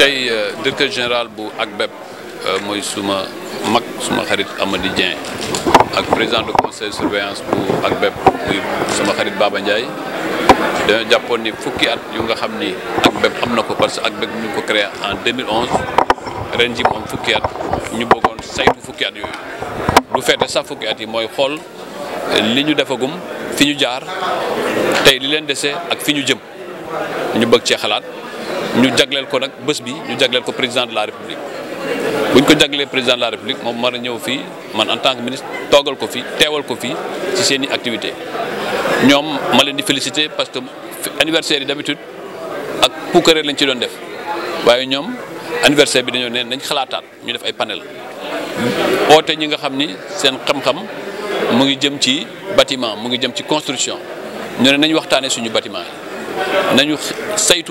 tey euh, directeur général bu ak ACBEP euh, mooy suma mag suma xarit Amady Dieng ak président du conseil surveillance bu ACBEP muy suma xarit Baba Ndiaye dañoo jàppoon ni fukki at yu nga xam ni ACBEP am na ko parce que ak ACBEP ñu ko créé en 2011 ren ji moom fukki at ñu bëggoon saytu fukki at yooyu du feete sax fukki at yi mooy xool euh, li ñu defagum fi ñu jaar tey li leen dese ak fi ñu jëm ñu bëgg ci xalaat ñu jagleel ko nag bës bi ñu jagleel ko président de la république buñ ko jaglee président de la république moom mën a ñëw fii man en tant que ministre toogal ko fii teewal ko fii ci seen i activité ñoom ma leen di féliciter parce que anniversaire yi d'habitude ak puukare lañ ci doon def waaye ñoom anniversaire bi dañoo neen nañ xalaataat ñu def ay panel oote ñi nga xam ni seen xam-xam mu ngi jëm ci bâtiment mu ngi jëm ci construction ñu ne nañ waxtaanee suñu bâtiment yi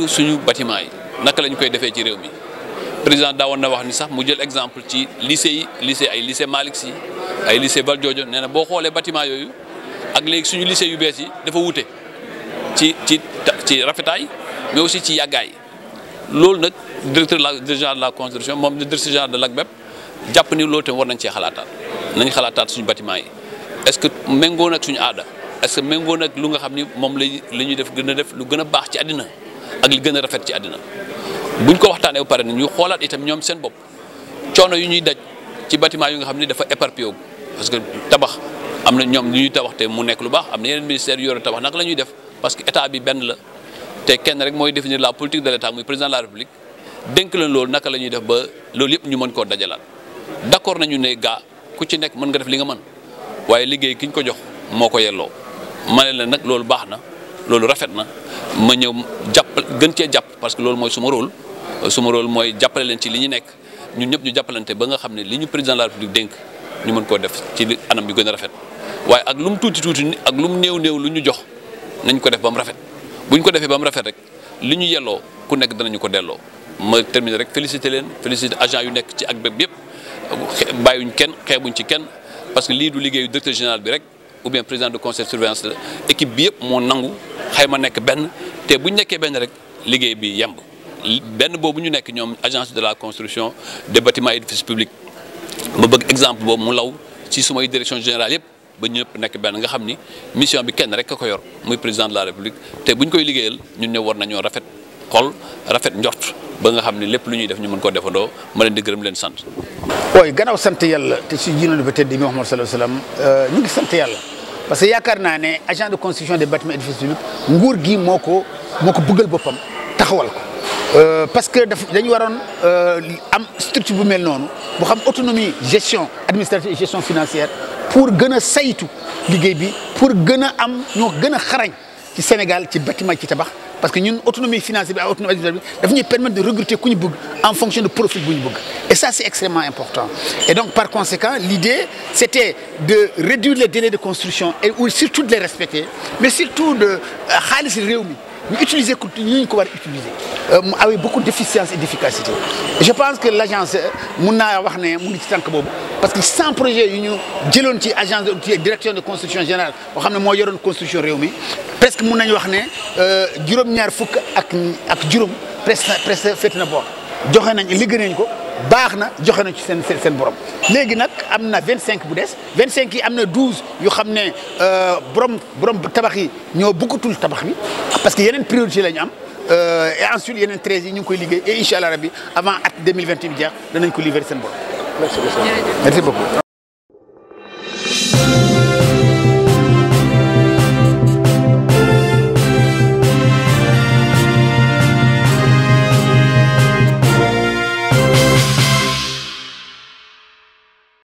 suñu bâtiment yi naka lañ koy defee ci réew mi président daawoon na wax ni sax mu jël exemple ci lycée yi lycée ay lycée Malick Sy ay lycée Valdiodio nee na boo xoolee bâtiment yooyu ak léegi suñu lycée yu bees yi dafa wute ci ci ci rafetaay mais aussi ci yàggaay loolu nag directeur la directeur la construction moom directeur général de l'ACBEP jàpp ni loolu tam war nañ cee xalaataat nañ xalaataat suñu batiment yi est-ce que méngoo suñu aada est-ce que méngoo nag lu nga xam ni moom la la ñuy def gën a def lu gën a baax ci àddina ak li gën a rafet ci àddina buñ ko waxtaanee ba pare na ñu xoolaat itam ñoom seen bopp coono yu ñuy daj ci bâtiment yu nga xam ne dafa éparpillé wu parce que tabax am na ñoom lu ñuy tabax te mu nekk lu baax am na yeneen ministère yu yore tabax naka la ñuy def parce que état bi benn la te kenn rek mooy définir la politique de l' état muy président de la république dénk leen loolu naka la ñuy def ba loolu yëpp ñu mën koo dajalaat d' accord nañu ne gaa ku ci nekk mën nga def li nga mën waaye liggéey ki ñu ko jox moo ko yelloo ma ne la nag loolu baax na loolu rafet na ma ñëw jàpp gën cee jàpp parce que loolu mooy suma rôle suma rôle mooy jàppale leen ci li ñu nekk ñun ñëpp ñu jàppalante ba nga xam ne li ñu président de la république dénk ñu mën koo def ci anam bi gën a rafet waaye ak lu mu tuuti tuuti ak lu mu néew néew lu ñu jox nañ ko def ba mu rafet bu ñu ko defee ba mu rafet rek li ñu yelloo ku nekk danañu ko delloo ma terminer rek féliciter leen féliciter agent yu nekk ci ak bépp yëpp bàyyuñ kenn xeebuñ ci kenn parce que lii du liggéeyu directeur général bi rek ou bien président de conseil de surveillance la équipe bi yëpp moo nangu xayma nekk benn te bu ñu nekkee benn rek liggéey bi yemb benn boobu ñu nekk ñoom agence de la construction des bâtiments et édifices publics ma bëgg exemple boobu mu law ci sumay direction générale yëpp ba ñëpp nekk benn nga xam ni mission bi kenn rek a ko yor muy président de la république te buñ koy liggéeyal ñu ñoo war nañoo rafet xol rafet njort ba nga xam ne lépp lu ñuy def ñu mën ko defandoo ma leen di leen sant. ooy ganaaw sant yàlla te si jiinalu ba tedd bi Muhammad sallallahu alayhi wasallam euh, ñu ngi parce que yaakaar naa ne agent de construction des bâtiments édifices publics gi moo ko moo ko bëggal boppam taxawal ko. Euh, parce que daf dañu waroon euh, am structure bu mel noonu bu xam autonomie gestion administrative gestion financière pour gën a saytu liggéey bi pour gën a am ñoo gën a xarañ ci Sénégal ci bâtiment ci tabax. parce que ñun autonomie financière bi ak autonomie administrative bi daf ñuy permettre de recruter ku ñu bëgg en fonction de profil bu ñu bëgg et ça c'est extrêmement important et donc par conséquent l'idée c'était de réduire les délais de construction et surtout de les respecter mais surtout de euh, xaalis réew mi ñu utiliser ko ñu ñu ko war a utiliser mu euh, awee beaucoup d'efficience et d'efficacité je pense que l'agence euh, mun na wax ne mu ngi ci tànk boobu parce que sans projet yu ñu jëloon ci agence de direction de construction générale boo xam ne moo yoroon construction réew mi presque mun nañu wax ne euh, juróom-ñaar fukk ak ak juróom presque presque féet na boor joxe nañ liggéey nañ ko baax na joxe nañ ci seen seen borom léegi nag am na 25 bu des 25 yi am na 12 yu xam ne euh, borom borom tabax yi ñoo bëggatul tabax bi parce que yeneen priorité la ñu am euh, et ensuite yeneen 13 yi ñu ngi koy liggéey et incha allah rabi avant at 2021 bi jeex danañ ko livrer seen borom. merci